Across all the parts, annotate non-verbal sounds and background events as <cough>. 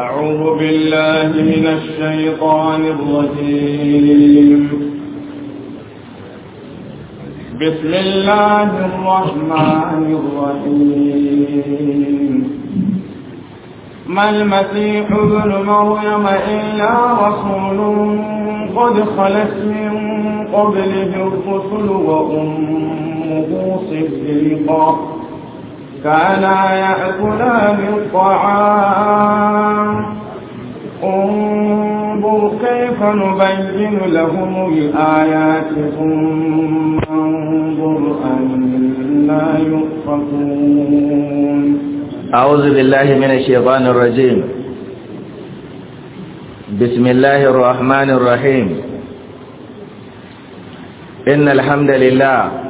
أعوذ بالله من الشيطان الرجيم بسم الله الرحمن الرحيم ما المسيح ابن مريم إلا رسول قد خلت من قبله الرسل وأمه صديقا كانا يأكلا من طعام انظر كيف نبين لهم الآيات ثم انظر أنا يؤفكون أعوذ بالله من الشيطان الرجيم بسم الله الرحمن الرحيم إن الحمد لله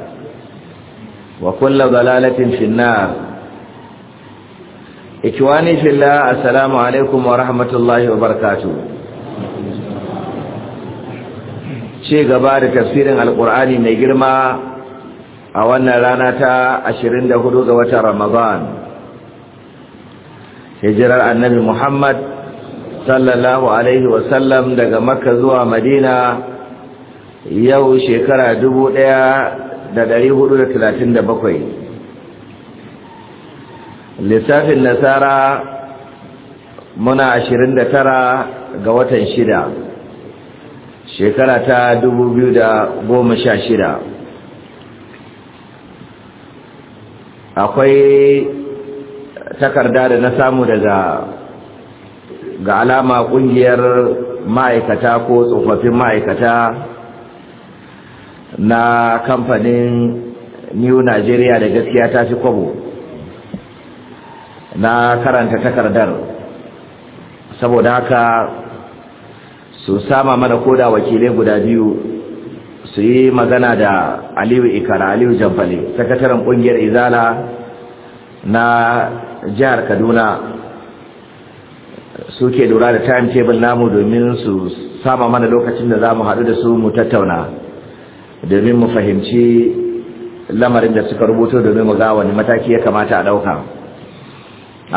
وكل ضلالة في finna. إخواني في الله السلام عليكم ورحمة الله وبركاته ce gaba da tafsirin Alƙur'ani mai girma a wannan rana ta hudu ga watan ramadan hijirar annabi muhammad sallallahu alaihi wasallam daga makka zuwa madina yau shekara dubu ɗaya. da ɗari hudu da da bakwai lissafin nasara muna ashirin da tara ga watan shida shekara ta dubu biyu da goma sha shida akwai takarda da na samu daga ga alama ƙungiyar ma'aikata ko tsofaffin ma'aikata na kamfanin new nigeria da gaskiya ta fi kwabo na karanta takardar saboda haka su sama mana koda wakilai guda biyu su yi magana da aliyu ikara aliyu jamfale sakataren kungiyar izala na jihar kaduna su ke lura da timetable namu domin su sama mana lokacin da za mu haɗu da su mu tattauna domin mu fahimci lamarin da suka rubuto domin mu ga wani mataki ya kamata a ɗauka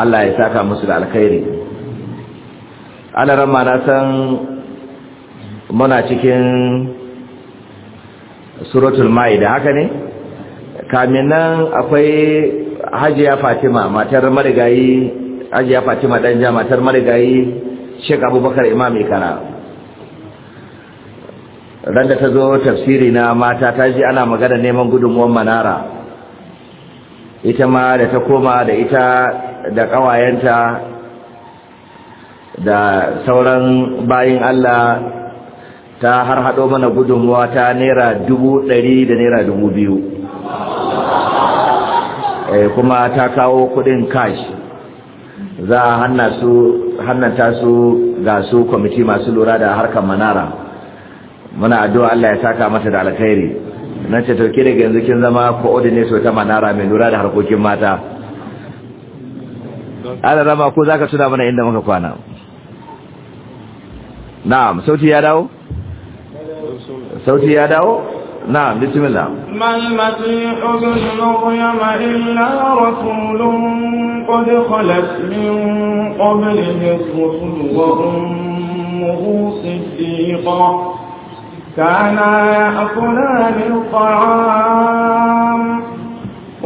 Allah ya saka musu da alkhairi Ana ramma na san muna cikin suratul ma'ida haka ne kamin nan akwai hajiya fatima matar marigayi hajiya fatima danja matar marigayi shek abubakar imam ikara ran da ta zo tafsiri na mata ta ji ana magana neman gudunmuwan manara ita ma da ta koma da ita da ƙawayenta da sauran bayin Allah ta har haɗo mana gudunmuwa ta naira dubu ɗari da naira dubu biyu eh, kuma ta kawo kuɗin kash za a hannanta su ga su kwamiti masu lura da harkar manara muna addu'a Allah ya saka mata da alkhairi nan ce tauke daga yanzu kin zama coordinator ta manara mai lura da harkokin mata ala rama ko zaka tuna mana inda muka kwana na'am sauti ya dawo sauti ya dawo na'am bismillah mal masih ibn maryam illa rasulun qad khalat min qablihi rusul wa ummuhu siddiqah كانا يأكلان الطعام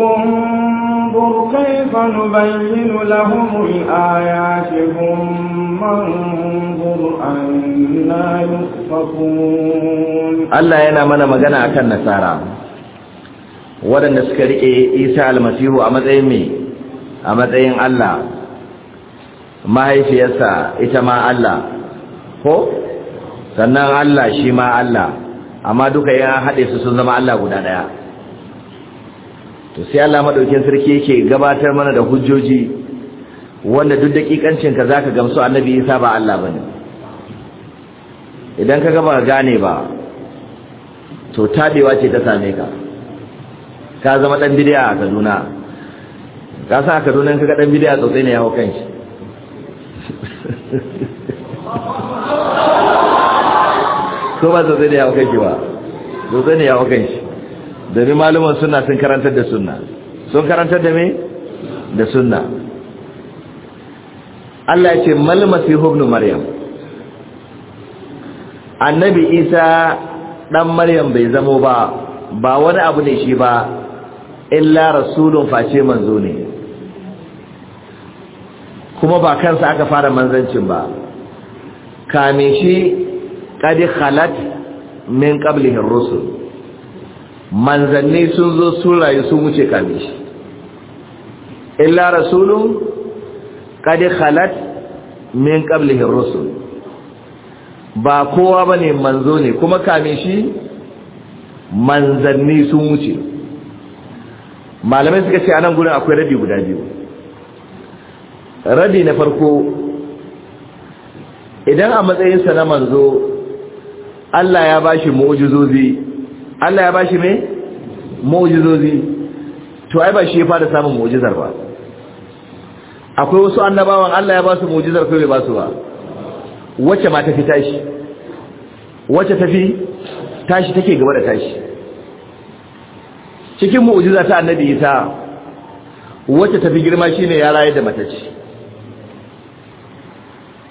انظر كيف نبين لهم الآيات ثم انظر أنا يؤفكون الله ينامنا مغنى أكن نسارا waɗanda suka riƙe isa almasihu a matsayin mai a matsayin Allah mahaifiyarsa ita ma Allah ko sannan Allah shi ma Allah amma duka ya haɗe su sun zama Allah guda ɗaya to sai Allah madaukin sarki yake gabatar mana da hujjoji wanda duk dakikancin ka zaka gamsu annabi Isa ba Allah bane idan ka gaba gane ba to tabewa ce ta same ka ka zama dan bidiya a Kaduna ka sa Kaduna ka ga dan bidiya tsotsai ne ya hau kanshi <laughs> ko ba zai ne ya wakan shi ba zai ne ya wakan shi domin malaman suna sun karantar da suna sun karantar da me da suna. Allah ya ce mal masihu ibn maryam annabi isa dan maryam bai zamo ba ba wani abu ne shi ba illa rasulun face manzo ne kuma ba kansa aka fara manzancin ba kame shi Kadi khalat min qablihi ar-rusul manzanni sun zo sun rayu sun wuce kame shi illa rasulun kadi khalat min qablihi ar-rusul ba kowa bane manzo ne kuma kame shi manzanni sun wuce malamai suka ce anan gurin akwai rabi guda biyu rabi na farko idan a matsayinsa na manzo Allah ya ba shi mojizozi Allah ya ba shi me mojizozi to ai ba shi ya fara samun mojizar ba akwai wasu annabawan Allah ya ba su mojizar kai bai ba su ba wacce ma ta fi tashi wacce ta fi tashi take gaba da tashi cikin mojiza ta annabi ita wacce ta fi girma shine ya raye da matacci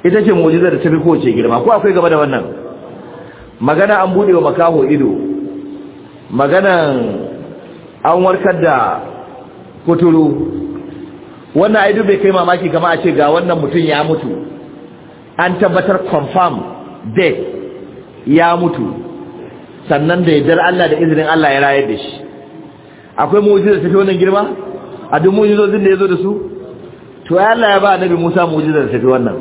ita ce mojizar da ta fi kowace girma ko akwai gaba da wannan magana an bude wa makaho ido maganan an warkar da kuturu wannan aidu bai kai mamaki kama a ce ga wannan mutum ya mutu an tabbatar confirm death ya mutu sannan da yadda Allah da izinin Allah ya rayar da shi akwai da ta wannan girma a duk mu'jizozin da ya zo da su to ya Allah ya ba annabi Musa mu'jizar ta wannan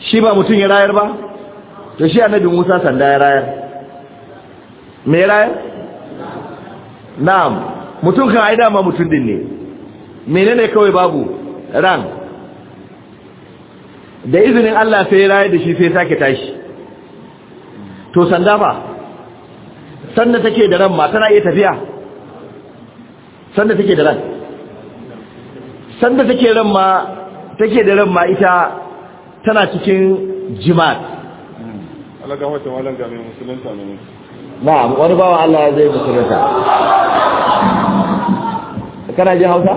shi ba mutum ya rayar ba to shi annabi Musa sanda ya rayar me rayar na'am mutum kan aida ma mutum din ne menene kawai babu ran da izinin Allah sai ya rayar da shi sai sake tashi to sanda ba sanda take da ran ma tana iya tafiya sanda take da ran sanda take ran ma take da ran ma ita tana cikin jima'a alaga wata malam ga mai musulunta ne na wani bawa Allah zai musulunta kana ji hausa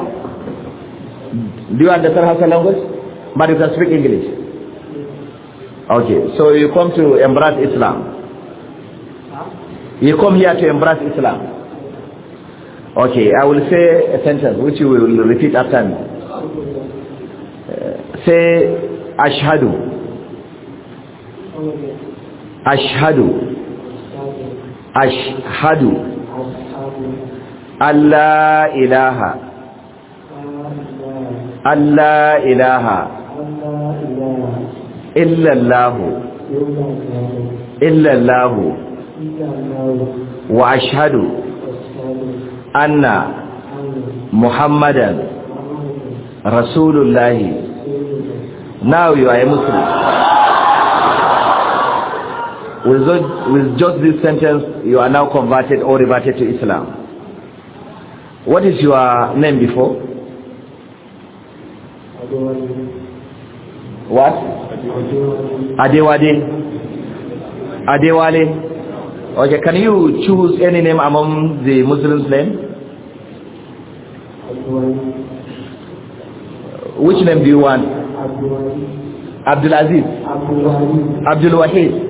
do you understand hausa language but you can speak english okay so you come to embrace islam you come here to embrace islam okay i will say a sentence which you will repeat after me uh, say ashhadu ashhadu ashhadu alla ilaha alla ilaha illa allah illa allah wa ashhadu anna muhammadan rasulullahi now you are a muslim With, just this sentence, you are now converted or reverted to Islam. What is your name before? What? Adewale. Adewale. Okay, can you choose any name among the Muslims' name? Which name do you want? Abdul Aziz. Abdul Wahid.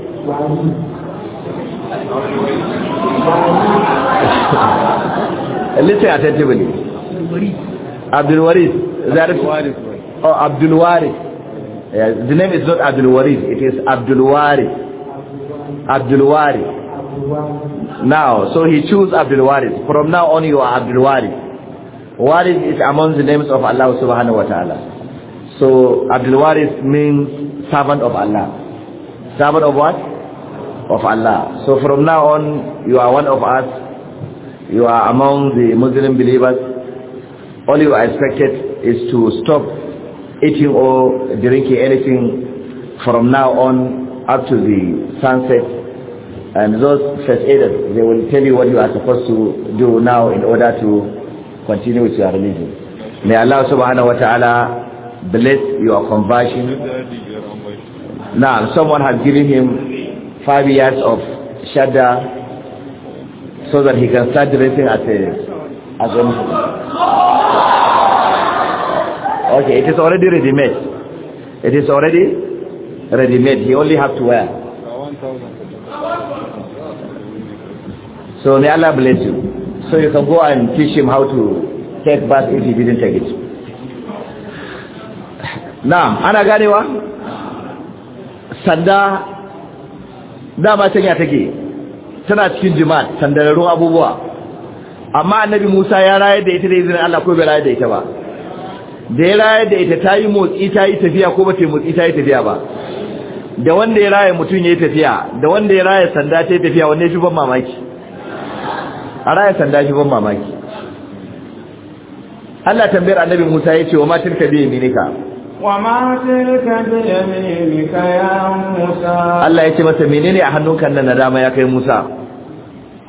listen attentively Abdul Waris is that it? oh Abdul Waris yeah, the name is not Abdul Waris it is Abdul Waris Abdul Waris now so he chose Abdul Waris from now on you are Abdul Waris Waris is among the names of Allah subhanahu wa ta'ala so Abdul Waris means servant of Allah servant of what? of Allah. So from now on, you are one of us. You are among the Muslim believers. All you are expected is to stop eating or drinking anything from now on up to the sunset. And those first aiders, they will tell you what you are supposed to do now in order to continue with your religion. May Allah subhanahu wa ta'ala bless your conversion. Now, someone has given him five years of shada so that he can start dressing as a as a Muslim. Okay, it is already ready made. It is already ready made. He only have to wear. So may Allah bless you. So you can go and teach him how to take bath if he didn't take it. Now, ana ganewa? Sanda dama can ya take tana cikin jima'a sandararrun abubuwa amma annabi Musa ya rayar da ita da izinin Allah ko bai rayar da ita ba da ya rayar da ita ta yi motsi ta yi tafiya ko ba ta yi motsi ta yi tafiya ba da wanda ya raye mutum ya yi tafiya da wanda ya raye sanda ta yi tafiya wanda ya fi ban mamaki a raye sanda shi ban mamaki Allah tambayar annabi Musa ya ce wa matin ka biye minika Allah ya ce masa menene a hannun kan na dama ya kai Musa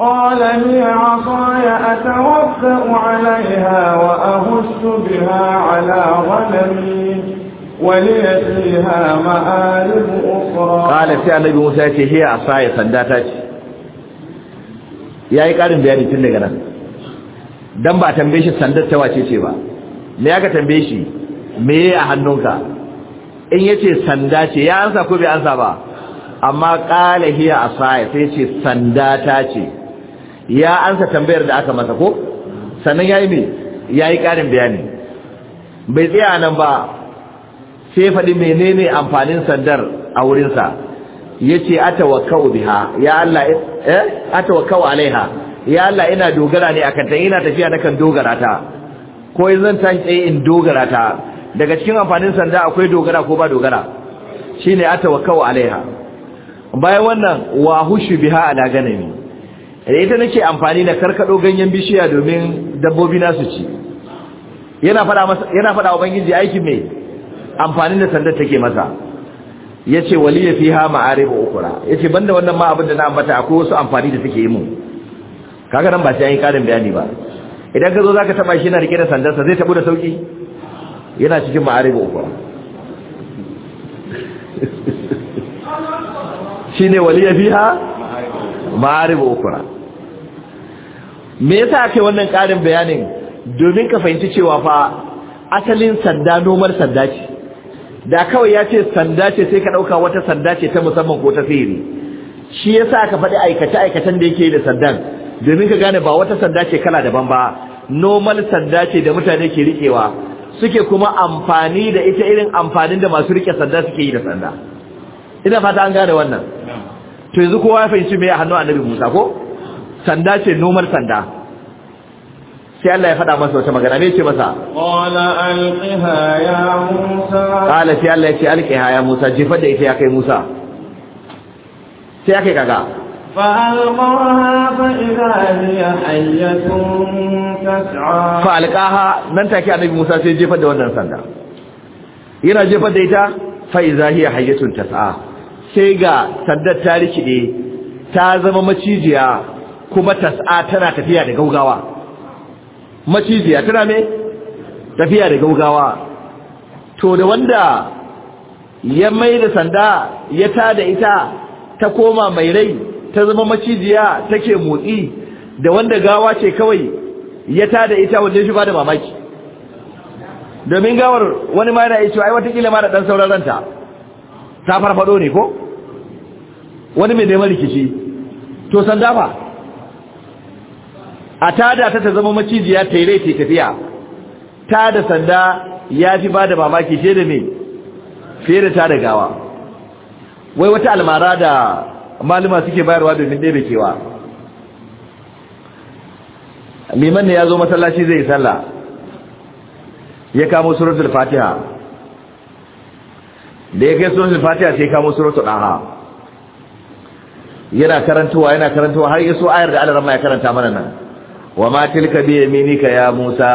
قال هي عصاي أتوفأ عليها وأهش بها على غنمي ولي فيها مآرب أخرى ya ce ya موسى هي yayi ƙarin bayani tun daga nan dan ba tambaye shi sandar ta wace ce ba me ya ka tambaye shi meye a hannunka in yace sanda ce ya ansa ko bai ansa ba amma qala hiya asaya sai ce sanda ta ce ya ansa tambayar da aka masa ko sannan yayi me yayi karin bayani bai tsaya nan ba sai faɗi menene amfanin sandar a wurinsa yace atawakkau biha ya Allah eh atawakkau alaiha ya Allah ina dogara ne akan ta ina tafiya nakan dogara ta ko yanzu zan tashi in dogara ta daga cikin amfanin sanda akwai dogara ko ba dogara shine atawakkau alaiha bayan wannan wa hushu biha ala ganami idan ita nake amfani da karkado ganyen bishiya domin dabbobi na su ci yana fada masa yana fada ubangiji aikin me amfanin da sanda take masa yace wali fiha ma'arib ukura yace banda wannan ma abin da na ambata akwai wasu amfani da take yi mu kaga nan ba sai an yi karin bayani ba idan ka zo zaka taba shi yana rike da sandarsa zai tabu da sauki yana cikin ma'aribu ukura shine waliya biya ma'aribu ukura me yasa ake wannan ƙarin bayanin domin ka fahimci cewa fa asalin sanda nomar sanda ce da kawai ya ce sanda ce sai ka ɗauka wata sanda ce ta musamman ko ta sihiri shi yasa ka faɗi aikace aikacen da yake da sandan domin ka gane ba wata sanda ce kala daban ba nomal sanda ce da mutane ke riƙewa suke kuma amfani da ita irin amfanin da masu rike sanda suke yi da sanda ina fata an gane wannan to yanzu kowa ya fahimci me a hannun annabi Musa ko sanda ce nomar sanda sai Allah ya faɗa masa wata magana me ce masa qala alqiha ya Musa qala sai Allah ya ce alqiha ya Musa jifa da ita ya kai Musa sai ya kai kaga فألقاها فإذا هي حية تسعى فألقاها نن take annabi Musa sai jefar da wannan sanda yana jefar da ita fa idza hiya hayyatun tas'a sai ga sandar tarihi rikide ta zama macijiya kuma tas'a tana tafiya da gaugawa macijiya tana me tafiya da gaugawa to da wanda ya mai da sanda ya ta da ita ta koma mai rai ta zama macijiya take motsi da wanda gawa ce kawai ya tada ita wanda shi ba da mamaki domin gawar wani ma yana yi cewa ai watakila ma da dan sauran ranta ta farfado ne ko wani mai neman rikici to sanda fa a tada ta ta zama macijiya ta yi rai ta tafiya ta da sanda ya fi ba da mamaki fiye da me fiye da ta da gawa wai wata almara da maluma suke bayarwa domin ɗebe kewa liman ne ya zo masallaci zai sallah ya kamo suratul fatiha da ya kai suratul fatiha sai kamo suratul daha yana karantowa yana karantowa har yaso ayar da Allah ya karanta mana nan wa ma tilka bi yaminika ya Musa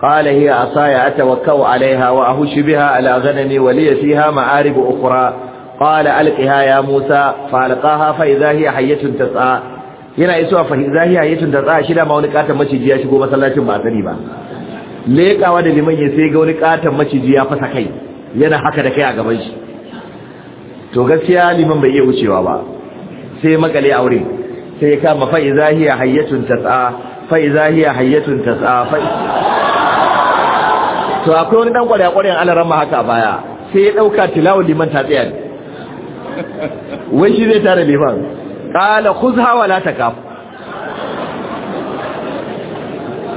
qala hiya asaya atawakkau alaiha wa ahushu biha ala ghanami wa li fiha ma'arib ukhra qala alqiha ya musa fa alqaha fa idha hiya hayyatun tas'a yana isuwa fa idha hiya hayyatun tas'a shi da ma wani katon maciji ya shigo masallacin ba sani ba lekawa da liman ya sai ga wani katon maciji ya fasa kai yana haka da kai a gaban shi to gaskiya liman bai iya wucewa ba sai makale aure sai ya kama fa idha hiya hayyatun tas'a fa idha hiya hayyatun tas'a fa to akwai wani dan kwarya kwaryan alaran ma haka baya sai ya dauka tilawul liman ta tsaya wai shi zai tare mai fan ƙala kuzha wa la ta kaf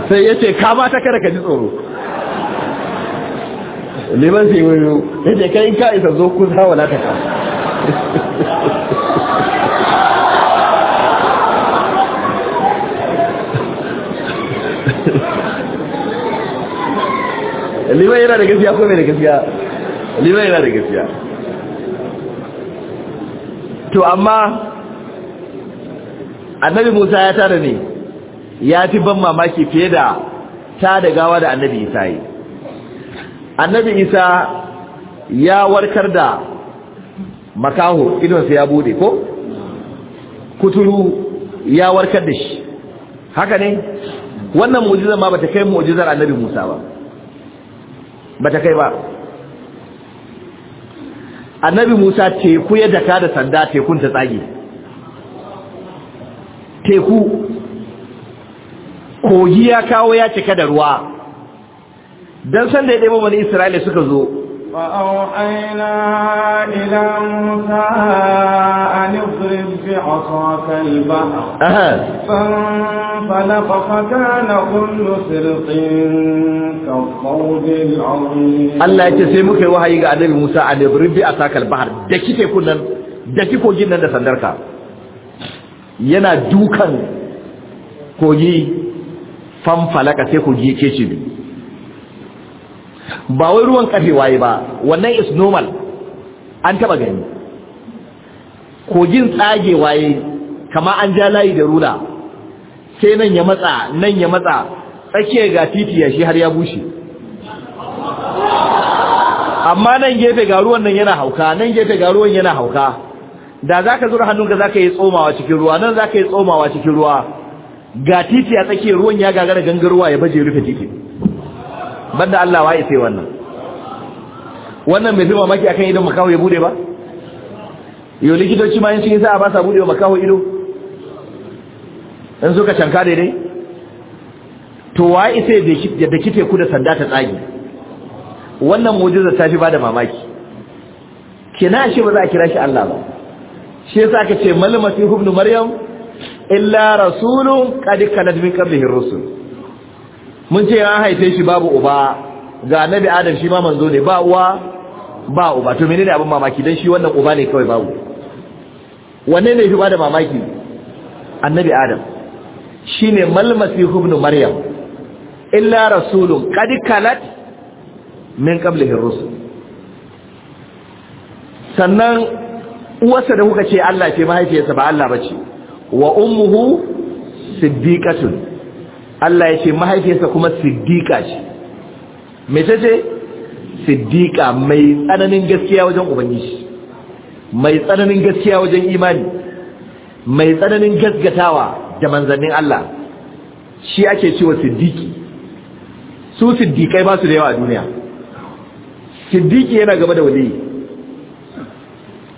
sai ya ce kama ta kada ka ji tsoro liman sai wani ya ce kai ka isa zo kuzha wa la ta kaf liman yana da gaskiya ko mai da gaskiya liman yana da gaskiya to amma annabi Musa ya tara ne ya fi ban mamaki fiye da ta da gawa da annabi Isa yi annabi Isa ya warkar da makaho idonsa ya bude ko kuturu ya warkar da shi haka ne wannan mu'jizar ma ta kai mu'jizar annabi Musa ba ta kai ba annabi Musa teku ya daka da sanda tekun ta tsage teku kogi ya kawo ya cika da ruwa dan sanda ya ɗaya wani Isra'ila suka zo وأوحينا إلى موسى أن اضرب بعصاك البحر فانفلق Allah ya ce sai muka yi wahayi ga annabi Musa a dabirbi a sakal bahar da kike kunan da ki kogin nan da sandarka yana dukan kogi fanfalaka sai kogi yake ce ba wai ruwan kafe waye ba wannan is normal an taba gani kogin tsage waye kama an ja layi da rula sai nan ya matsa nan ya matsa tsakiyar ga titi ya shi har ya bushe amma nan gefe ga ruwan nan yana hauka nan gefe ga ruwan yana hauka da zaka zura hannunka zaka yi tsomawa cikin ruwa nan zaka yi tsomawa cikin ruwa ga titi a tsakiyar ruwan ya gagara gangarwa ya baje rufe titi banda Allah wai sai wannan wannan bai fi mamaki akan idan makaho ya bude ba yau likitoci ma yin cikin sa'a ba sa bude wa makaho ido in suka canka daidai to wai sai da kite ku da sanda ta tsage wannan mu'jiza ta fi bada mamaki kina shi ba za a kira shi Allah ba shi yasa aka ce mal masih ibn maryam illa rasulun qad kanat min qablihi rusul mun ce an haife shi babu uba ga nabi adam shi ma manzo ne ba uwa ba uba to menene abin mamaki dan shi wannan uba ne kawai babu wanne ne fi bada mamaki annabi adam shine mal masih ibn maryam illa rasulun qad kanat min qablihi rusul sannan uwarsa da kuka ce Allah ce mahaifiyarsa ba Allah bace wa ummuhu siddiqatun Allah ya ce mahaifiyarsa kuma siddiqa ce me tace siddiqa mai tsananin gaskiya wajen ubangiji mai tsananin gaskiya wajen imani mai tsananin gaskatawa da manzannin Allah shi ake cewa siddiqi su siddiqai ba su da yawa a duniya siddiki yana gaba da wali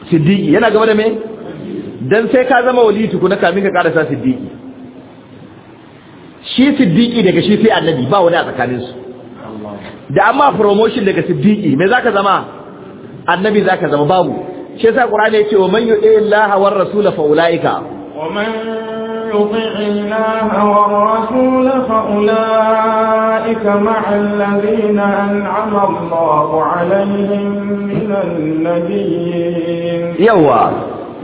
siddiki yana gaba da me dan sai ka zama wali tukuna kamin ka karasa siddiki shi siddiki daga shi sai annabi ba wani a tsakanin su da amma promotion daga siddiki me zaka zama annabi zaka zama babu shi yasa qur'ani yake wa man yu'i Allah war rasul fa ulaika wa man يطع الله والرسول فأولئك مع الذين أنعم الله عليهم من النبيين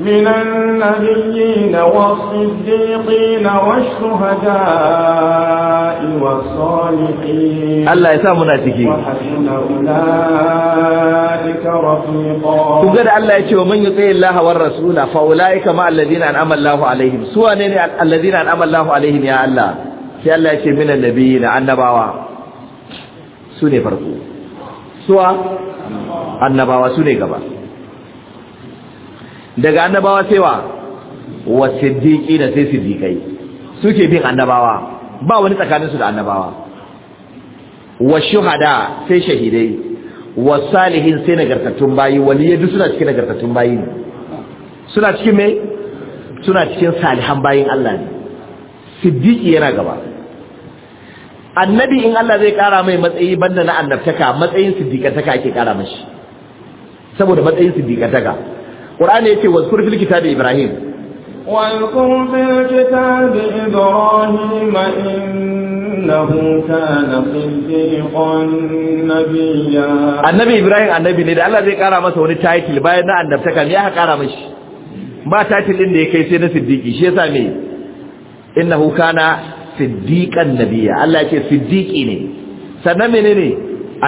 من النبيين والصديقين والشهداء والصالحين الله يسامنا تكي وحسن أولئك رفيقا تقول الله يتي ومن يطيع الله والرسول فأولئك مع الذين أنعم الله عليهم سوى الذين أنعم الله عليهم يا الله sai Allah ya ce min annabiyina annabawa su ne farko suwa annabawa su ne gaba daga annabawa sai wa wa siddiqi da sai siddiqai suke bin annabawa ba wani tsakanin su da annabawa wa shuhada sai shahidai wa salihin sai nagartattun bayi waliyai duk suna cikin nagartattun bayi ne suna cikin me suna cikin salihan bayin Allah ne siddiqi yana gaba annabi in Allah zai kara mai matsayi banda na annabtaka matsayin siddiqataka ake kara mishi saboda matsayin take qur'ani yake wazkur fil kitabi ibrahim واذكر في الكتاب إبراهيم huta na صديقا نبيا Annabi Ibrahim annabi ne da Allah zai kara masa wani title bayan na annabtaka ne aka kara mashi ba title din da ya kai sai na siddiqi shi yasa me innahu kana siddiqan nabiyya Allah yake siddiqi ne sannan menene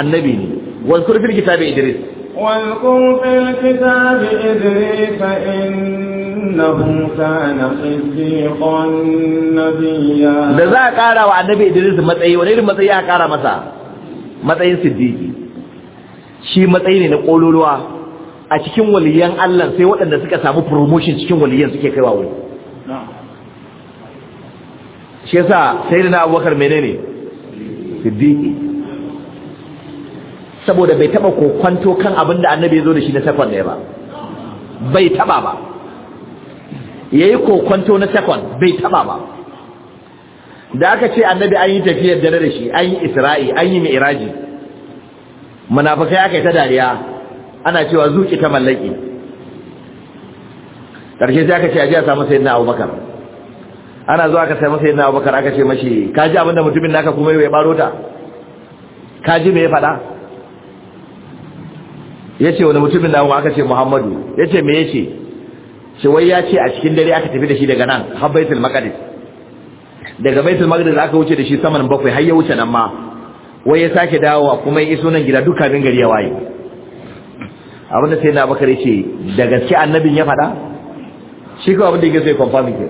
annabi ne wazkur fil kitabi Idris واذكر في الكتاب إدريس إنه كان صديقا نبيا da za a نبي wa annabi Idris matsayi wani irin matsayi صديقي masa matsayin shi matsayi ne na ƙololuwa a cikin waliyan Allah sai waɗanda suka samu promotion cikin waliyan suke kaiwa wuri shi yasa na Abubakar menene siddiqi saboda bai taba kokwanto kan abin da annabi ya zo da shi na sakon ne ba bai taba ba yayi kokwanto na sakon bai taba ba da aka ce annabi an yi tafiyar dare da shi an yi isra'i an yi mi'raji munafikai aka yi ta dariya ana cewa zuki ta mallaki karshe sai aka ce aje a samu sayyidina Abubakar ana zuwa aka samu sayyidina Abubakar aka ce mashi kaji abinda mutumin naka kuma ya baro ta kaji me ya faɗa yace wani mutumin na aka ce Muhammadu yace me yace ce wai ya ce a cikin dare aka tafi da shi daga nan har Baitul Maqdis daga Baitul Maqdis aka wuce da shi saman bakwai har ya wuce nan ma wai ya sake dawowa kuma ya iso nan gida duk kafin gari ya waye abin da sai na bakar yace da gaske annabin ya faɗa shi ko abin da yake sai confirm ke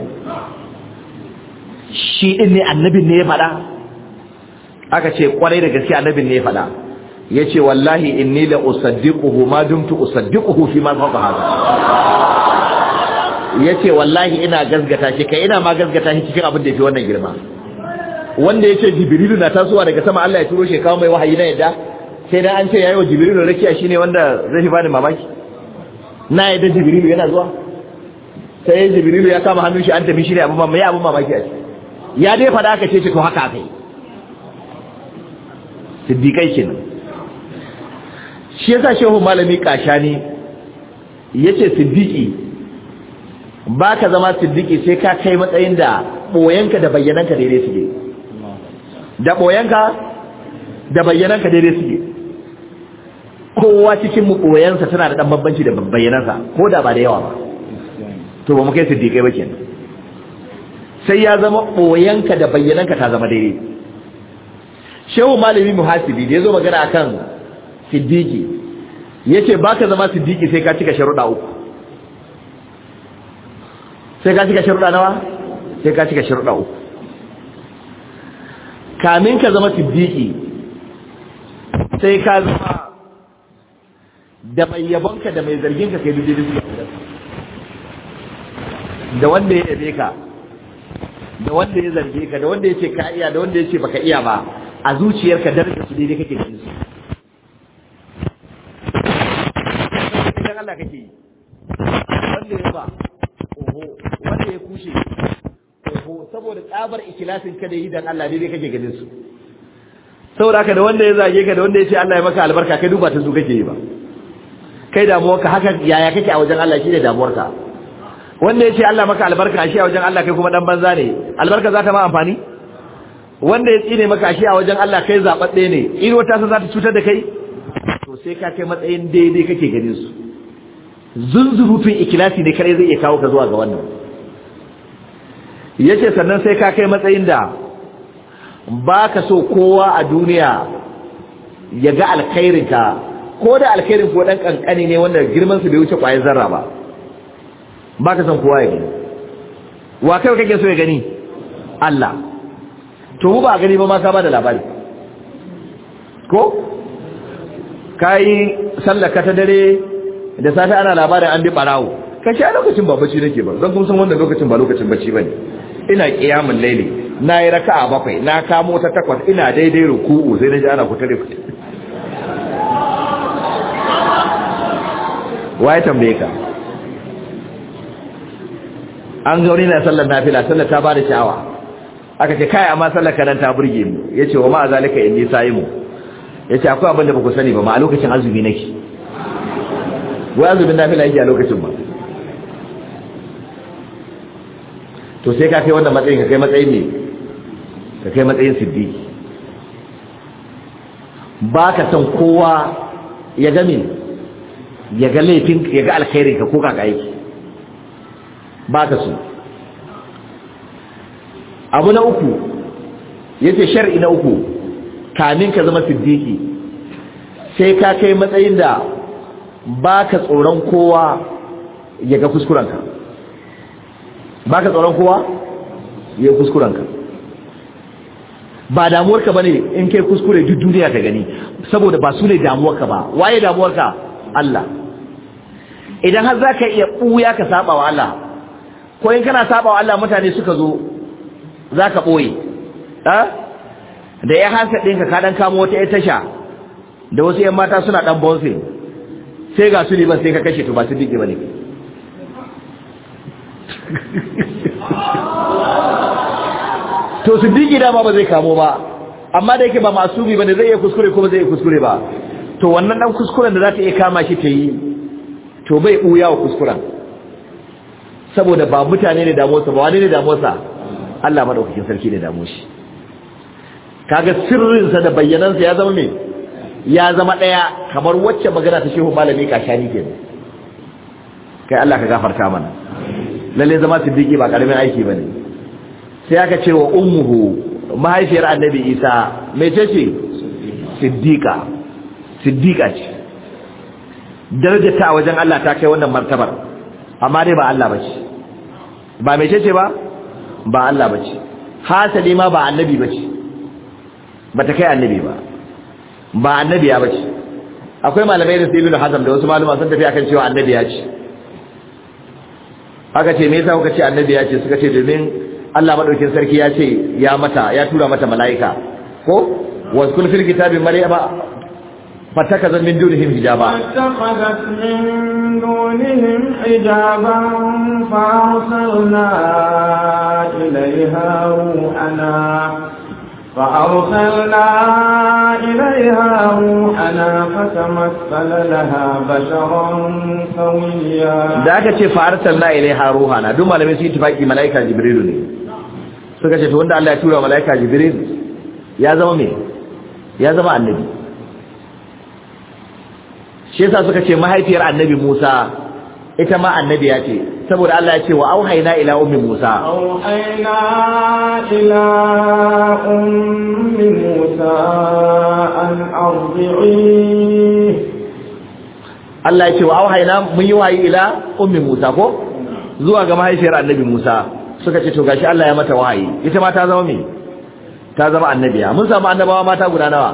shi din ne annabin ne ya faɗa aka ce kwarai da gaske annabin ne ya faɗa yace wallahi inni la usaddiquhu ma dumtu usaddiquhu fi ma faqa hada yace wallahi ina gazgata shi kai ina ma gazgata shi cikin abin da yake wannan girma wanda yace jibrilu na tasowa daga sama Allah ya turo shi kawo mai wahayi na yadda sai dan an ce yayi wa jibrilu rakiya shine wanda zai bani mamaki na yadda jibrilu yana zuwa sai jibrilu ya kama hannun shi an tafi shi ne abin mamaki abin mamaki a ya dai fada aka ce to haka kai siddiqai kenan shi yasa shehu malami kashani yace siddiqi ba ka zama siddiqi sai ka kai matsayin da boyanka da bayyananka daidai suke da boyanka da bayyananka daidai suke kowa cikin mu boyansa tana da dan bambanci da bayyanansa ko da ba da yawa ba to ba mu kai siddiƙai ba kenan sai ya zama boyanka da bayyananka ta zama daidai shehu malami muhasibi da yazo magana akan siddiqi yace baka zama siddiqi sai ka cika sharuda uku sai ka cika sharuda nawa sai ka cika sharuda uku kamin ka zama siddiqi sai ka zama da mai yabonka da mai zarginka kai duk da da wanda ya yabe ka da wanda ya zarge ka da wanda ya ce ka iya da wanda ya ce baka iya ba a zuciyarka darajar su daidai kake da su Allah kake yi wanda ya ba oho wanda ya kushe oho saboda tsabar ikilasin ka da yi dan Allah ne dai kake ganin su saboda haka da wanda ya zage ka da wanda ya ce Allah ya maka albarka kai duba ta su kake yi ba kai ka haka yaya kake a wajen Allah shine ka? wanda ya ce Allah maka albarka shi a wajen Allah kai kuma dan banza ne albarka za ta ma amfani wanda ya tsine maka shi a wajen Allah kai zabadde ne in wata sa za ta cutar da kai to sai ka kai matsayin daidai kake ganin su zunzurutun ikilasi ne kare zai iya kawo ka zuwa ga wannan yace sannan sai ka kai matsayin da ba ka so kowa a duniya ya ga alkhairin ka ko da alkhairin ko dan kankani ne wanda girman su bai wuce kwayar zarra ba ba ka son kowa ya gani wa kai kake so ya gani Allah to mu ba gani ba ma ka ba da labari ko kai sallaka ta dare da safe ana labarin an bi barawo kashi a lokacin ba bacci nake ba zan kuma san wannan lokacin ba lokacin bacci bane ina qiyamul layli na yi raka'a bakwai na kamo ta takwas ina daidai ruku'u sai na ji ana kutare kutare waye tambaye ka an gauri na sallar nafila sallar ta bada sha'awa aka ce kai amma sallar kanan ta burge mu yace wa ma zalika inni sayimu yace akwai abin da ba ku sani ba ma a lokacin azumi nake wai azumin nafila yake a lokacin ba to sai ka kai wannan matsayin ka kai matsayin ne ka kai matsayin siddi ba ka san kowa ya ga min ya ga laifin ya ga alkhairin ka ko ka aiki ba ka so abu na uku yace shar'i na uku kamin ka zama Siddiki sai ka kai matsayin da ba ka tsoron kowa ya ga kuskurenka baka ka tsoron kowa ya ga kuskurenka ba damuwarka ba ne in kai kuskure duk duniya ta gani saboda ba su ne damuwarka ba waye damuwarka Allah idan har za ka iya buya ka saba wa Allah ko in kana saba wa Allah mutane suka zo za ka ɓoye da ya hasa dinka ka dan kamo wata ya tasha da wasu ‘yan mata suna ɗan bonfin sai ga su liman sai ka kashe to ba su dike ne. to su dike dama ba zai kamo ba amma da yake ba ba ne zai iya kuskure kuma zai iya kuskure ba to wannan dan kuskuren da za ta iya kama shi ta yi to bai buya wa kuskuren saboda ba mutane ne damuwarsa ba wani ne damuwarsa Allah madaukakin sarki ne damu shi kaga sirrinsa da bayyanansa ya zama me ya zama ɗaya kamar wacce magana ta shehu malami kashani ke kai Allah ka gafarta mana lalle zama siddiqi ba karamin aiki bane sai aka ce wa ummuhu mahaifiyar annabi isa mai ce ce siddiqa siddiqa ce Darajata a wajen Allah ta kai wannan martabar amma dai ba Allah bace ba mai ce ce ba ba Allah bace hasali ma ba annabi bace bata kai annabi ba ba annabiya ba ce akwai malamai da ibnu hazam da wasu malama sun tafi akan cewa annabiya ce aka ce me yasa kuka ce annabiya ce suka ce domin Allah madaukin sarki ya ce ya mata ya tura mata mala'ika ko wa kun fil kitabi maryama fatakazat min dunihim hijaba min dunihim hijaban fa arsalna ilayha ruhana فأرسلنا إليها روحنا فتمثل لها بشرا سويا ذاك ce فأرسلنا إليها روحنا duk malamai sun tafaki malaika جبريل ne suka ce wanda Allah ya tura malaika jibril ya zama me ya zama annabi shi yasa suka ce mahaifiyar annabi Musa ita ma annabi ya ce saboda Allah ya ce wa auhayna ila ummi Musa auhayna ila ummi Musa an ardi'i Allah ya ce wa auhayna mun yi wayi ila ummi Musa ko zuwa ga mahaifiyar annabi Musa suka ce to gashi Allah ya mata wahayi ita ma ta zama me ta zama annabiya mun samu annabawa mata guda nawa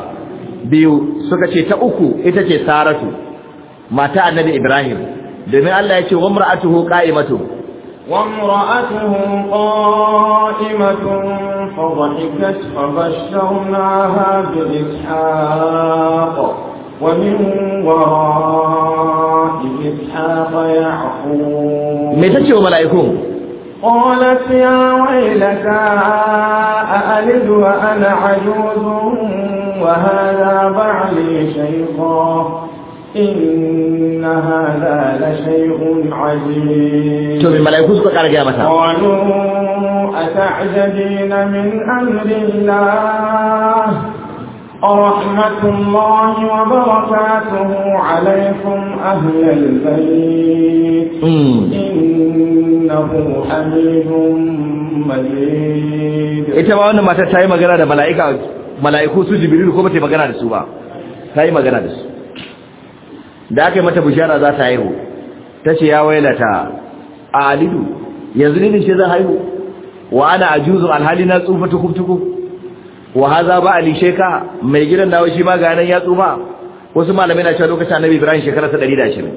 biyu suka ce ta uku ita ce Saratu mata annabi Ibrahim domin Allah ya ce wa mar'atuhu qa'imatun wa mar'atuhu qa'imatun fa dhahikat fa bashsharnaha bi ishaq wa min wara'i ishaq ya'qub me tace wa mala'ikun قالت يا ويلتى أألد وأنا عجوز وهذا بعلي شيخا To mai mala'iku suka ƙara gaya mata. Wani a ta'ajabi na min amurina, a rahmatun ma'ani wa bawata tuhu alaikun ahiyar zai, inna hu amirun malid. Ita ba wani matar ta yi magana da mala'iku su jibirin ko ba ta yi magana da su ba, ta yi magana da su. da aka yi mata bishara za ta haihu ta ce ya wailata a alidu yanzu ne ce zan haihu wa ana a juzu alhali na tsufa tukuk-tukuk wa haza ba ali sheka mai gidan dawo shi ma ga nan ya tsufa wasu malamai na cewa lokacin annabi ibrahim shekara ta ashirin.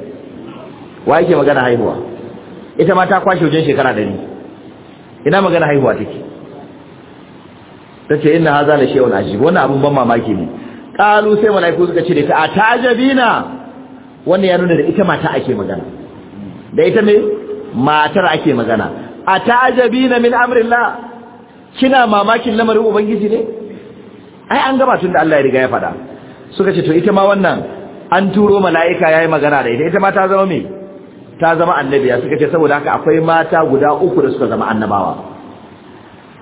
wa yake magana haihuwa ita ma ta kwashe wajen shekara 100 ina magana haihuwa take tace inna haza la shay'un ajib wannan abun ban mamaki ne qalu sai malaiku suka ce da ta ajabina wannan ya nuna da ita mata ake magana da ita ne matar ake magana a na min amrillah kina mamakin lamarin ubangiji ne ai an gaba tun da Allah ya riga ya fada suka ce to ita ma wannan an turo mala'ika yayi magana da ita ita ma ta zama me ta zama annabiya suka ce saboda haka akwai mata guda uku da suka zama annabawa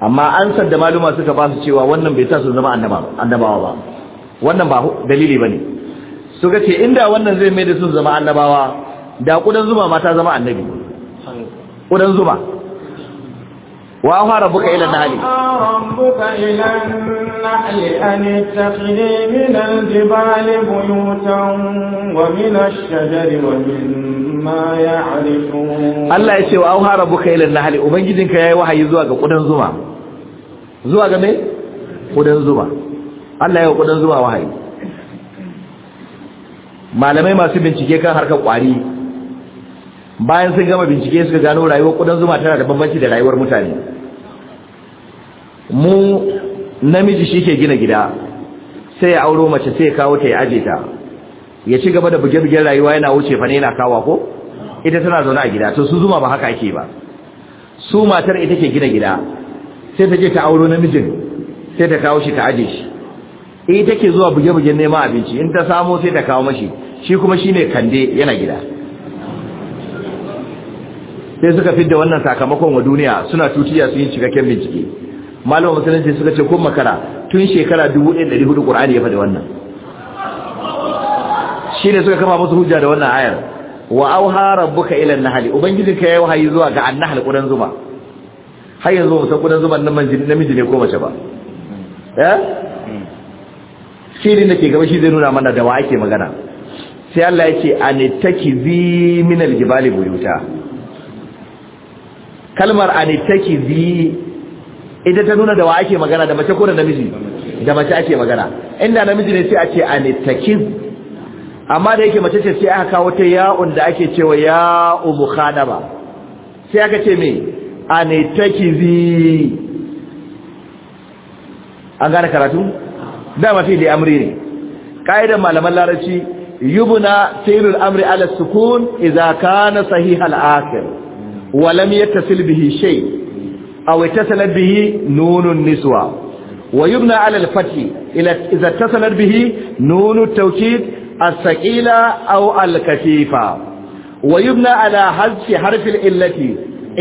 amma an sadda maluma suka ba su cewa wannan bai ta su zama annabawa ba wannan ba dalili bane ga ce inda wannan zai mai da sun zama annabawa da kudan zuma ma ta zama annabi kudan zuma wa fara buka ilan nahli rabbuka ila nahli wa an ash-shajari wa mimma ya'rifun Allah ya ce wa fara buka ubangijinka wahayi zuwa ga kudan zuma zuwa ga mai? kudan zuma Allah ya yi kudan zuma wahayi malamai masu bincike kan harkar kwari bayan sun gama bincike suka gano rayuwar kudan zuma tana da bambanci da rayuwar mutane mu namiji shi ke gina gida sai ya auro mace sai ya kawo ta ya aje ta ya ci gaba da buge-bugen rayuwa yana wuce fa yana kawo ko ita tana zaune a gida to su zuma ba haka ake ba su matar ita ke gina gida sai ta je ta auro namijin sai ta kawo shi ta aje shi in eh, take zuwa buge-bugen neman abinci in ta samo sai ta kawo mashi shi kuma shine kande yana gida sai suka fidda wannan sakamakon wa duniya suna tutiya su yi cikakken bincike malamin musulunci suka ce kun makara tun shekara 1400 qur'ani ya faɗi wannan shine suka kama musu hujja da wannan ayar wa auha rabbuka ila an-nahl ka yayi wahayi zuwa ga an ƙudan kudan zuma har yanzu musa kudan zuma nan namiji ne ko mace ba eh? shirin da ke gaba shi zai nuna mana da wa ake magana sai Allah ya ce anittakizi min aljibali buyuta kalmar anittakizi idan ta nuna da wa ake magana da mace ko da namiji da mace ake magana inda namiji ne sai a ce anittakiz amma da yake mace ce sai aka kawo ta ya'un da ake cewa ya'u mukhanaba sai aka ce me anittakizi an gane karatu dama fi da amri ne Ka'idar malaman larabci yubna sayrul amri ala sukun idza kana sahih al akhir wa lam yattasil bihi shay aw ittasala bihi nunun niswa wa yubna ala al fathi ila idza ittasala bihi nunut tawkid as-saqila aw al katifa wa yubna ala hazfi harf al illati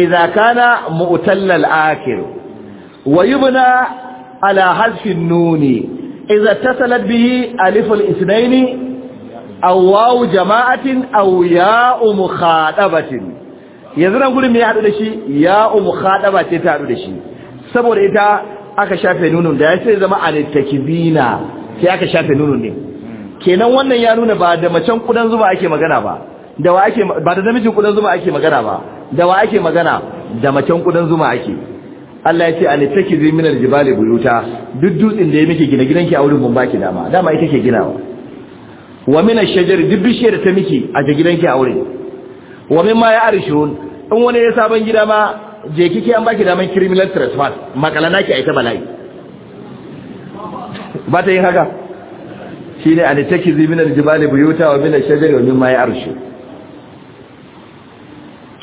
idza kana mu'talla al akhir ويبنى على حذف nuni. إذا اتصلت به ألف الإثنين أو واو جماعة أو ياء مخاطبة yanzu nan gurin me ya haɗu da shi ya سبور khadaba ce ta haɗu da shi saboda ita aka shafe nunun da ya sai zama alittakibina sai aka shafe nunun ne kenan wannan ya nuna ba da macen kudan zuba ake magana ba da wa ake ba da namijin kudan zuba magana da macen kudan zuba ake Allah ya ce an ki zai minar jibali buyuta duk dutsen da ya miki gina gidanki a wurin mun ki dama dama ita ke ginawa wa min ash-shajar duk bishiyar da ta miki a ga gidanki a wurin wa min ma ya arshun in wani ya sabon gida ma je kike an baki daman criminal trespass makala naki aita bala'i ba ta yin haka shine an ki zai minar jibali buyuta wa min ash-shajar wa min ma ya arshun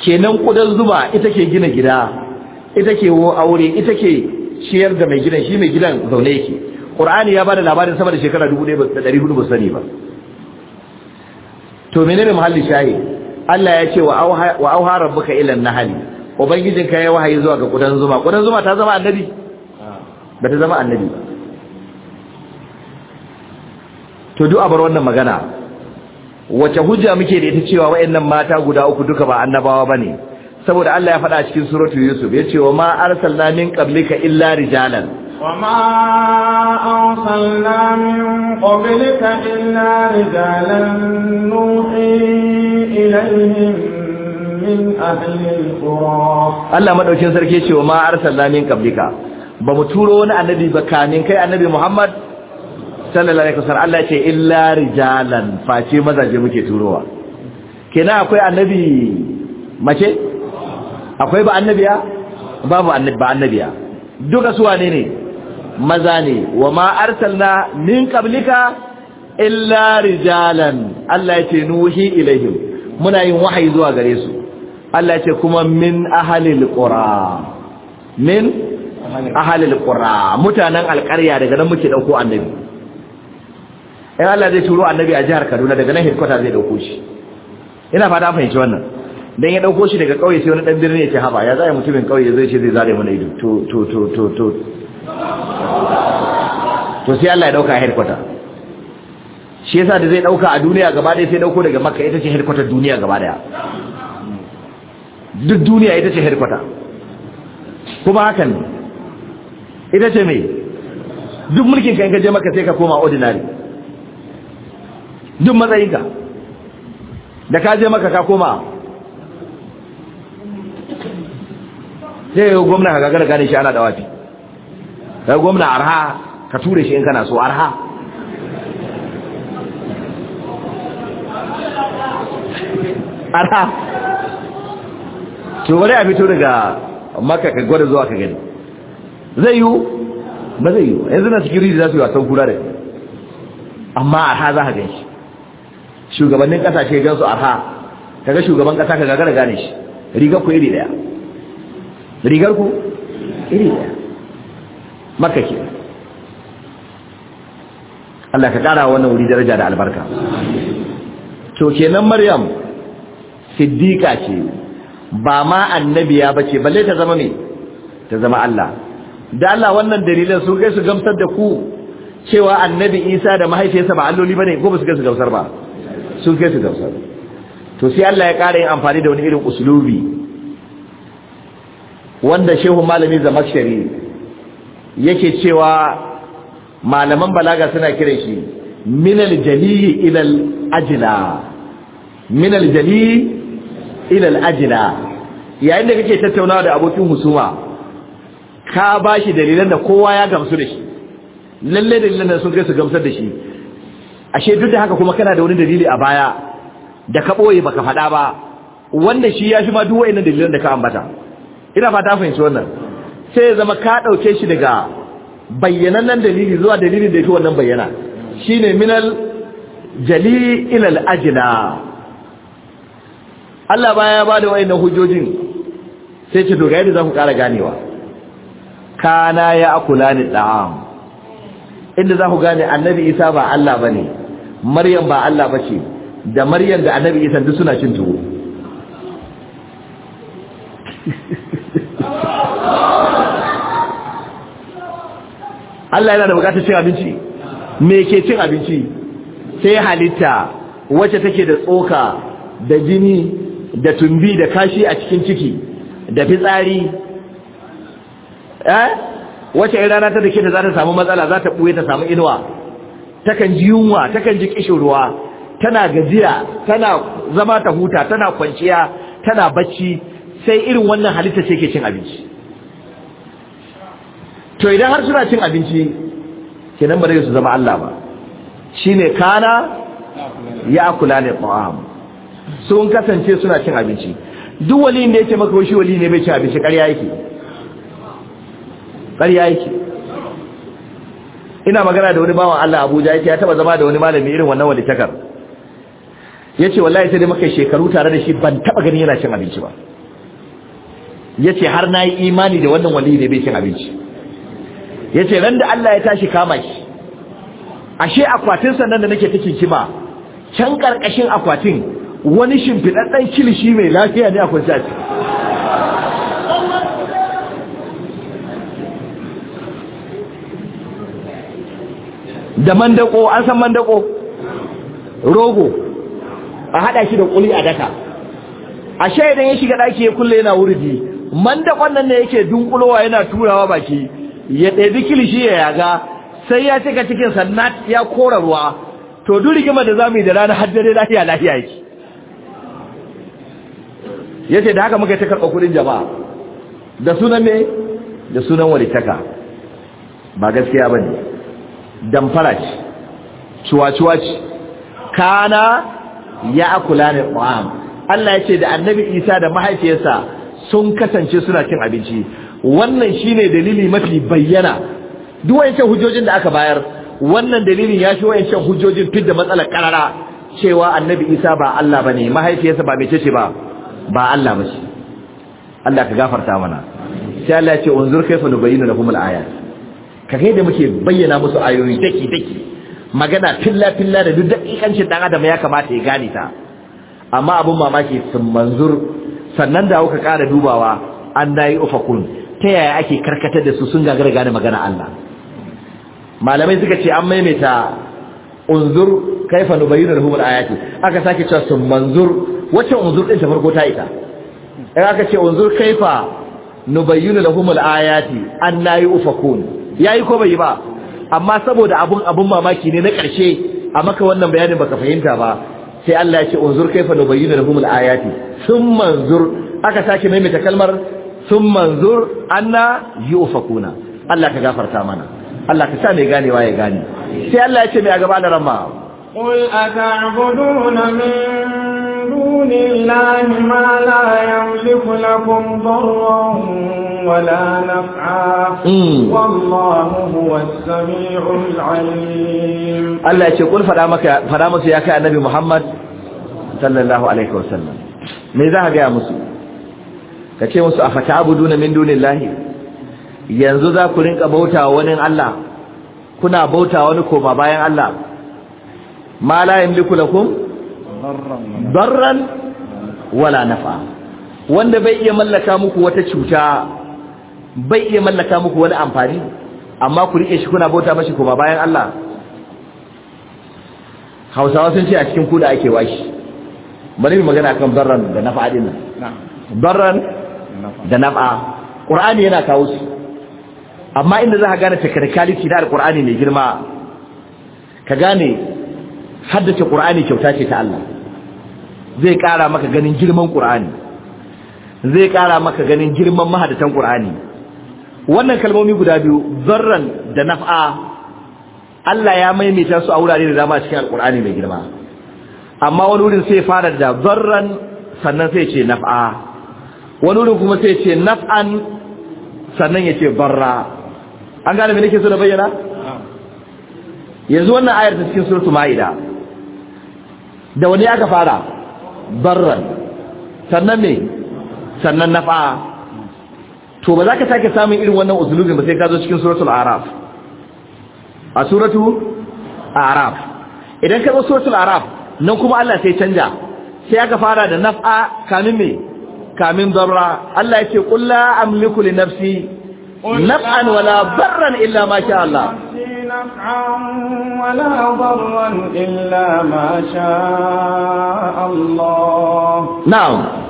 kenan kudan zuba ita ke gina gida ita ke wo aure ita ke ciyar da mai gidan shi mai gidan zaune yake qur'ani ya bada labarin sama da shekara 1400 ba sani ba to menene muhalli shayi Allah ya ce wa auha rabbuka ila an bangijin ka ya wahayi zuwa ga kudan zuma kudan zuma ta zama annabi ba ta zama annabi to duk a bar wannan magana wace hujja muke da ita cewa wayannan mata guda uku duka ba annabawa bane saboda Allah ya faɗa cikin suratul Yusuf ya ce wa ma arsalna min qablika illa rijalan wa ma arsalna min qablika illa rijalan nuhi ilaihim min ahli alqura Allah madaukin sarki ya ce wa ma arsalna min qablika ba mu turo wani annabi ba kamin kai annabi Muhammad sallallahu alaihi wasallam Allah ya ce illa rijalan face mazaje muke turowa Kina akwai annabi mace akwai ba annabiya babu annabi ba annabiya duka su wane ne maza ne wa ma arsalna min qablika illa rijalan Allah yake nuhi ilaihim muna yin wahayi zuwa gare su Allah yake kuma min ahlil qura min ahlil qura mutanen alƙarya daga nan muke dauko annabi in Allah zai turo annabi a jihar Kaduna daga nan headquarters zai dauko shi ina fata fahimci wannan dan ya dauko shi daga kauye sai wani dan birni ya ce haba ya zai mutumin kauye zai ce zai zare mana ido to to to to to to sai Allah ya dauka headquarter shi yasa da zai dauka a duniya gaba daya sai dauko daga makka ita ce headquarter duniya gaba daya duk duniya ita ce headquarter kuma hakan ita ce me duk mulkin ka in ka je maka sai ka koma ordinary duk matsayinka da ka je maka ka koma sai yau gwamna ka gagara gane shi ana wafi sai gwamna arha ka ture shi in kana so arha arha to wani a fito daga maka ka gwada zuwa ka gani zai yiwu ba zai yiwu yanzu na security za su yi wasan kura da amma arha za ka gan shi shugabannin kasashe gan su arha ga shugaban kasa ka gagara gane shi riga ku iri daya rigar ku iri ɗaya makka ke Allah ka ƙara wannan wuri daraja da albarka to kenan maryam siddiqa ce ba ma annabiya bace balle ta zama ne ta zama Allah da Allah wannan dalilan su kai su gamsar da ku cewa annabi Isa da mahaifiyarsa ba alloli bane ko ba su kai su gamsar ba sun kai su gamsar to sai Allah ya ƙara yin amfani da wani irin uslubi wanda shehu malami zamashari yake cewa malaman balaga suna kiran shi minal jali ilal ajila minal ilal ajila yayin da kake tattaunawa da abokin husuma ka ba shi dalilan da kowa ya gamsu da shi lalle dalilan da sun kai su gamsar da shi ashe duk da haka kuma kana da wani dalili a baya da ka ɓoye baka faɗa ba wanda shi ya shi ma duk dalilan da ka ambata ina fata fahimci wannan sai ya zama ka ɗauke shi daga bayyanannen dalili zuwa dalilin da yake wannan bayyana shine minal jali ilal ajila Allah baya ba da wayannan hujjojin sai ce to ga yadda za ku ƙara ganewa kana ya akulani ni da'am inda za ku gane annabi isa ba Allah bane maryam ba Allah bace da maryam da annabi isa duk suna cin tuwo <laughs> Allah yana da bukatar cin abinci me ke cin abinci sai halitta wacce take da tsoka da jini da tumbi da kashi a cikin ciki da fitsari eh wacce in rana ta dake ta za ta samu matsala za ta buye ta samu inuwa takan ji yunwa takan ji kishin ruwa tana gajiya tana zama ta huta tana kwanciya tana bacci sai irin wannan halitta ce ke cin abinci to idan har suna cin abinci kenan ba su zama Allah ba shine kana ya kula ne ta'am sun kasance suna cin abinci duk wali ne yake maka shi wali ne bai ci abinci ƙarya yake ƙarya yake ina magana da wani bawan Allah Abuja yake ya taba zama da wani malami irin wannan wali takar yace wallahi sai dai muka shekaru tare da shi ban taba gani yana cin abinci ba yace har na yi imani da wannan wani ne bai cin abinci yace ran da Allah ya tashi kama shi ashe akwatin sannan da nake cikin kima can karkashin akwatin wani shimfiɗaɗɗen kilishi mai lafiya ne a kwanci a da mandako an san mandako rogo a hada shi da kuli a daka ashe idan ya shiga daki ya kulle yana wurdi da wannan ne yake dunkulowa yana turawa baki ya ɗebi kilishi ya yaga sai ya cika cikin sannan ya kora ruwa to duk rigimar da zamu yi da rana har dare lafiya lafiya yake yace da haka muka ta karɓa kuɗin jama'a da sunan ne da sunan walitaka ba gaskiya bane damfara ce Cuwa-cuwa ce kana ya akula ne Allah ya ce da annabi Isa da mahaifiyarsa sun kasance suna cin abinci wannan shine dalili mafi bayyana duk wayancan hujjojin da aka bayar wannan dalilin ya shi wayancan hujjojin da matsalar karara cewa annabi isa ba Allah ba ne, mahaifiyarsa ba mece ce ba ba Allah ba shi. Allah ka gafarta mana sai Allah ya ce unzur kaifa nubayyinu lahum al-ayat ka kai da muke bayyana musu ayoyi daki magana filla filla da duk dakikancin dan adam ya kamata ya gane ta amma abun mamaki sun manzur sannan da kuka kara dubawa an dai ufakun ta yaya ake karkatar da su sun gagara gane magana Allah malamai suka ce an maimaita unzur kaifa nubayyinu lahum ayati aka sake cewa sun manzur wacce unzur din ta farko ta ita in aka ce unzur kaifa nubayyinu lahum al-ayati anna ufakun yayi ko bai ba amma saboda abun abun mamaki ne na karshe a maka wannan bayanin baka fahimta ba sai Allah ya ce unzur kaifa nubayyinu lahum al-ayati Sun manzur aka sake maimaita kalmar thumma unzur anna yufakuna Allah ka gafarta mana Allah ka sa mai ganewa ya gane sai Allah ya ce mai a gaba da ramma قل أتعبدون من دون الله ما لا يملك لكم ولا نفعا والله هو السميع العليم الله يقول قل فدا مك فدا مس يا النبي محمد صلى الله عليه وسلم me za ka gaya musu ka ce musu a fata'abuduna min dunillahi yanzu za ku rinka bauta wani Allah kuna bauta wani koma bayan Allah ma la yamliku lakum darran wala nafa wanda bai iya mallaka muku wata cuta bai iya mallaka muku wani amfani amma ku rike shi kuna bauta mashi kuma bayan Allah Hausawa sun ce a cikin kuda ake washi bari mu magana kan darran da nafa'a din na'am darran da nafa'a Qur'ani yana kawo su amma inda za ka gane technicality da Qur'ani mai girma ka gane haddace qur'ani kyauta ce ta Allah zai kara maka ganin girman qur'ani zai kara maka ganin girman mahadatan qur'ani wannan kalmomi guda biyu zarran da naf'a Allah ya maimaita su a wurare da dama cikin alkur'ani mai girma amma wani wurin sai fara da zarran sannan sai ce naf'a wani wurin kuma sai ce naf'an sannan ya ce barra an gane me nake so da bayyana yanzu wannan ayar ta cikin suratul maida da wani aka fara barran sannan me sannan naf'a to ba za ka sake samun irin wannan usulubin ba sai ka zo cikin suratul araf a suratu araf idan ka zo suratul araf nan kuma Allah sai canja sai aka fara da naf'a kamin me kamin darra Allah yace ce qul la amliku li nafsi naf'an wala darran illa ma sha Allah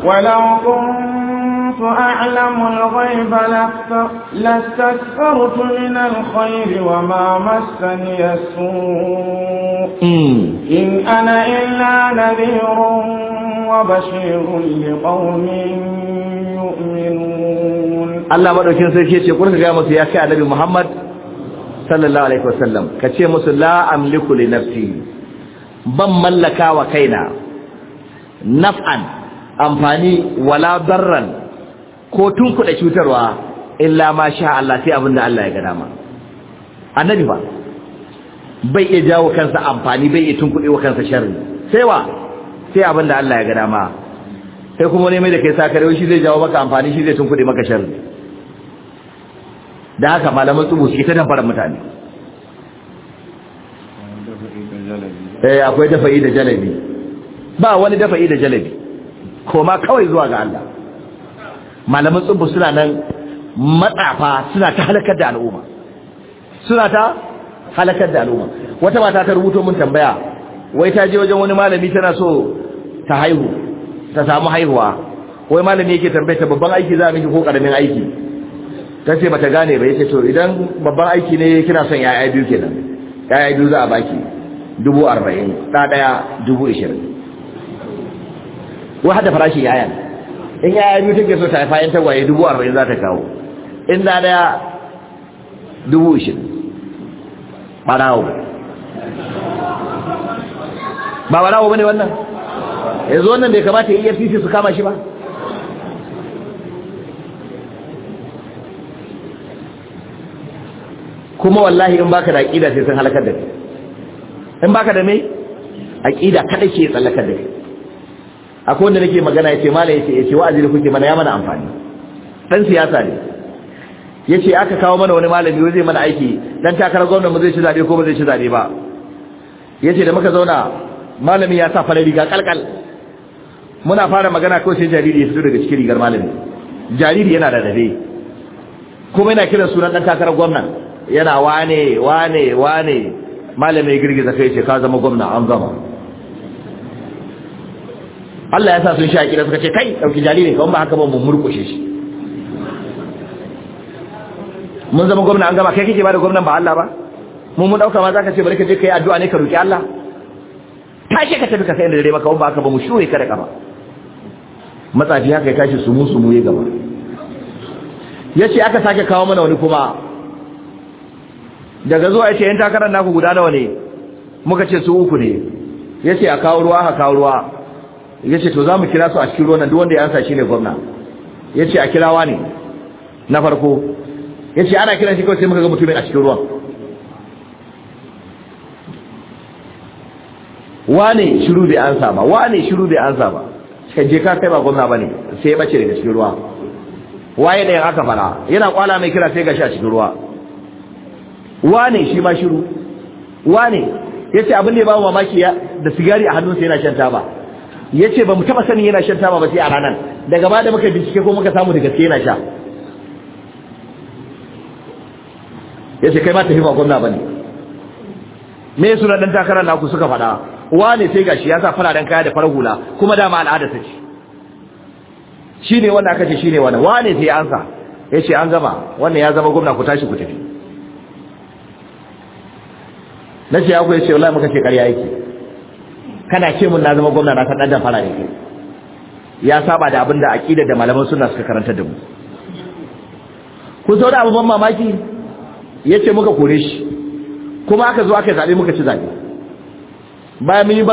ولا ضرا كنت أعلم الغيب لاستكثرت من الخير وما مسني السوء إن أنا إلا نذير وبشير لقوم يؤمنون الله مدوكين سيكي يقول لك يا مسيح النبي محمد صلى الله عليه وسلم كتير مسيح لا أملك لنفسي ban mallaka wa kaina naf'an amfani wala darran ko tun kuɗa cutarwa illa ma sha Allah sai abin da Allah ya gada ma annabi ba bai iya jawo kansa amfani bai iya tunkuɗe wa kansa sharri sai wa sai abin da Allah ya gada ma sai kuma ne mai da kai sakare shi zai jawo maka amfani shi zai tunkuɗe maka sharri da haka malaman tsubu suke ta damfara mutane eh akwai dafa'i da jalabi ba wani dafa'i da jalabi koma kawai zuwa ga Allah malaman tsubu suna nan matsafa suna ta halakar da al'umma suna ta halakar da al'umma wata mata ta rubuto mun tambaya wai ta je wajen wani malami tana so ta haihu ta samu haihuwa wai malami yake tambaya ta babban aiki za a miki ko karamin aiki ta ce bata gane ba yace to idan babban aiki ne kina son yaya biyu kenan yaya biyu za a baki dubu arba'in ɗaya dubu ishirin wai hada farashin yayan in ya yi take so ta haifa ta tagwaye dubu arba'in za ta kawo in da daya dubu ishirin ɓarawo ba barawo ba ne wannan yanzu wannan bai kamata ya e efcc su kama shi ba kuma wallahi in baka da aƙida sai sun halakar da kai in baka da mai aƙida kada ke tsallakar da kai akwai wanda nake magana yace mala yace yace wa'azi da kuke mana ya mana amfani dan siyasa ne yace aka kawo mana wani malami wai zai mana aiki dan takarar gwamnati mu zai ci zabe ko ba zai ci zabe ba yace da muka zauna malami ya sa fara riga kalkal muna fara magana ko sai jariri ya fito daga cikin rigar malami jariri yana da dare kuma yana kiran sunan dan takarar gwamnati yana wane wane wane malami girgiza kai ce ka zama gwamna an zama Allah ya sa sun sha kira suka ce kai dauki jaririn kawai ba haka ba mu murkushe shi mun zama gwamna an gama kai kike ba da gwamnan ba Allah ba mu mun dauka ma zaka ce bari ka je kai addu'a ne ka roki Allah tashi ka tafi ka sai da dare ba kawai ba haka ba mu shure ka da kafa matsafi haka ya tashi su mu su mu ya gaba yace aka sake kawo mana wani kuma daga zuwa yace yan takarar naku guda nawa ne muka ce su uku ne yace a kawo ruwa a kawo ruwa ya ce to za mu kira su a cikin ruwan duk wanda ya ansa shi ne gwamna ya ce a kirawa ne na farko ya ce ana kiran shi kawai sai muka ga mutumin a cikin ruwan wane shiru bai ansa ba wane shiru bai ansa ba sai je ka kai ba gwamna ba ne sai ya bace daga cikin ruwa waye da aka fara yana kwala mai kira sai gashi a cikin ruwa wane shi ma shiru wane ya ce abin da ya ba mamaki da sigari a hannunsa yana shan taba ya ce ba mu taɓa sanin yana shan taba ba sai a ranar daga ba da muka bincike ko muka samu da gaske yana sha ya ce kai ma tafi ba gwamna ba ne me suna ɗan takarar naku suka faɗa wane sai gashi ya sa fararen kaya da farar hula kuma dama al'ada ta ce shi ne wanda aka ce shi ne wani wane sai an sa ya ce an gama wannan ya zama gwamna ku tashi ku tafi na ce ya ku ya ce wallahi muka ce ƙarya yake kana ce mun na zama gwamna na san dan fara ne ya saba da abin da aqida da malaman suna suka karanta da mu kun saurin abubuwan mamaki ya ce muka kore shi kuma aka zo aka zabe muka ci zabe bayan mun yi